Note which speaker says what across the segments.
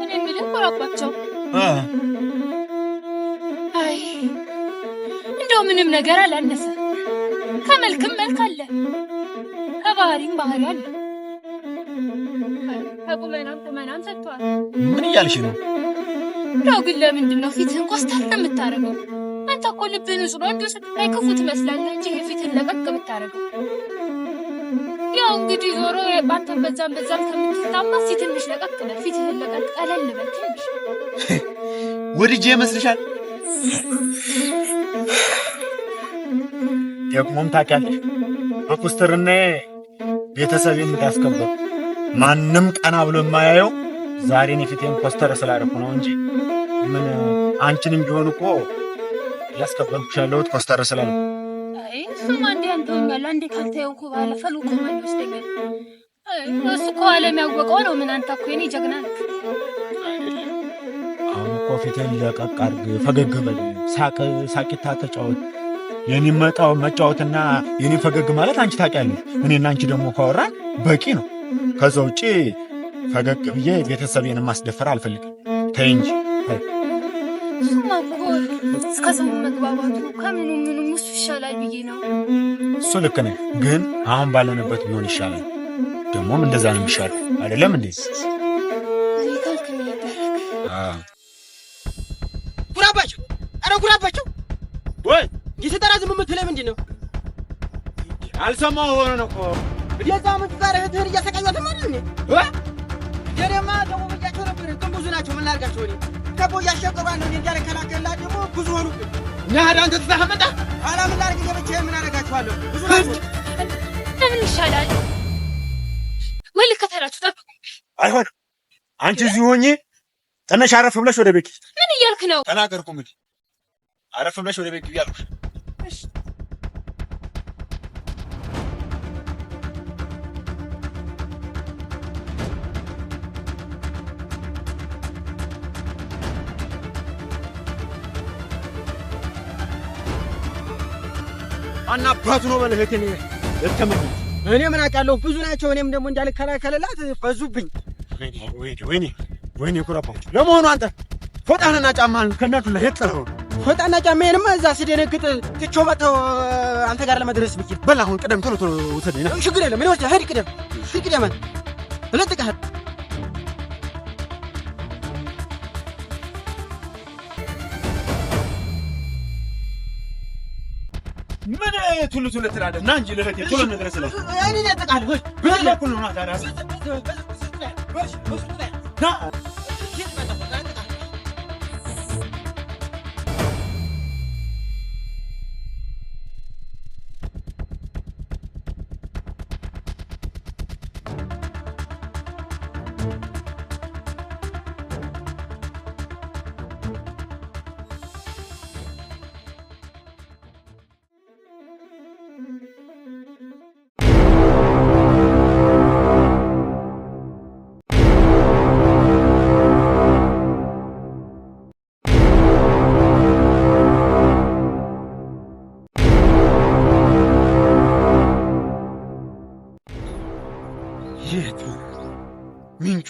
Speaker 1: እኔ የምልህ ኮራባቸው። አይ እንደው ምንም ነገር አላነሰ። ከመልክም መልክ አለ፣ ከባህሪም ባህሪ አለ፣ ከቁመናም ቁመናም ሰጥተዋል። ምን እያልሽ ነው? እንደው ግን ለምንድን ነው ፊትህን ኮስተር የምታደርገው? አንተ እኮ ልብህ ንጹህ ነው። እንዲሁ ስትታይ ክፉ ትመስላለህ እንጂ የፊትህን ለቀቅ የምታደርገው ያው እንግዲህ ዞሮ ባንተ በዛም በዛም ከምትታማ ሲትንሽ ትንሽ ለቀቅ በል፣ ፊትህን ለቀቅ ቀለል በል። ትንሽ
Speaker 2: ወድጄ ይመስልሻል? ደግሞም ታውቂያለሽ በኩስትርና ቤተሰቤን እንዳስከበር ማንም ቀና ብሎ የማያየው ዛሬን የፊቴን ኮስተር ስላደረኩ ነው እንጂ ምን አንቺንም ቢሆን እኮ ያስከበርኩሽ ያለሁት ኮስተር ስላለ
Speaker 1: እሱም አንዴ አንተውኛል አንዴ ካልታየው እኮ በኋላ ፈልጎ ማን ይወስደኛል? እሱ እኮ ዓለም ያወቀው ነው። ምን አንተ እኮ የኔ ጀግና ነህ።
Speaker 2: አሁን እኮ ፊትህን ለቀቅ አድርግ፣ ፈገግ በል። ሳቂታ ተጫወት። የኔ መጣው መጫወትና የኔ ፈገግ ማለት አንቺ ታውቂያለሽ። እኔና አንቺ ደግሞ ካወራን በቂ ነው። ከዛ ውጪ ፈገግ ብዬ ቤተሰቤን ማስደፈር አልፈልግም። ተይ እንጂ
Speaker 1: እስከ ከሰው መግባባቱ ከምኑ ምኑ እሱ ይሻላል ብዬ ነው።
Speaker 2: እሱ ልክ ነህ፣ ግን አሁን ባለንበት ቢሆን ይሻላል። ደግሞም እንደዛ ነው የሚሻለው አይደለም እንዴ?
Speaker 3: ጉራባቸው! ኧረ ጉራባቸው! ወይ የተጠራ ዝም የምትለኝ ምንድን ነው?
Speaker 2: አልሰማሁህ ሆነ እኮ
Speaker 3: የዛ ምንጭ ጋር እህትህን እያሰቃዩት ማለት ነው። ደደማ ብያቸው ነበር፣ ግን ብዙ ናቸው። ምን ላድርጋቸው እኔ ከቦ እያሸቀሩ አንዱ እንዲያ ለከላከላ ደግሞ ብዙ ሆኑ።
Speaker 2: እኛ ሀዳን ተትታህ መጣ
Speaker 3: ኋላ ምን ላድርግ? እኔ ምን አደርጋችኋለሁ? ብዙ ናቸው።
Speaker 1: ምን ይሻላል? ወይ ልከተላችሁ ጠብቁ።
Speaker 2: አይሆን አንቺ እዚሁ ሆኜ ትንሽ አረፍ ብለሽ ወደ ቤት።
Speaker 1: ምን እያልክ ነው?
Speaker 2: ተናገርኩ። እንግዲህ አረፍ ብለሽ ወደ ቤት እያልኩሽ አና አባቱ ነው በለህ እህቴን የተመኝ
Speaker 3: እኔ ምን አውቃለሁ፣ ብዙ ናቸው። እኔም ደግሞ እንዳልከላከልላት ፈዙብኝ።
Speaker 2: ወይኔ ወይኔ ወይኔ ኩራባዎች።
Speaker 3: ለመሆኑ አንተ ፎጣንና ጫማ ከእናቱ ላይ የት ጥለው ነው? ፎጣና እዛ ሲደነግጥ ትቼው መጣሁ አንተ ጋር ለመድረስ ብዬ።
Speaker 2: በል አሁን ቅደም፣ ቶሎ ቶሎ ውሰደኝ።
Speaker 3: ችግር የለም እኔ ወስደህ ሂድ፣ ቅደም፣ ሂድ፣ ቅደም፣
Speaker 2: ቱሉ ቱሉ ትላለህ እና እንጂ ልረቴ ቶሎ እንድረስ እላለሁ። በዚህ ነው ታዲያ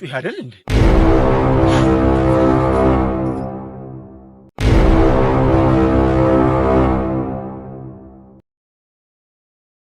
Speaker 2: We had ended.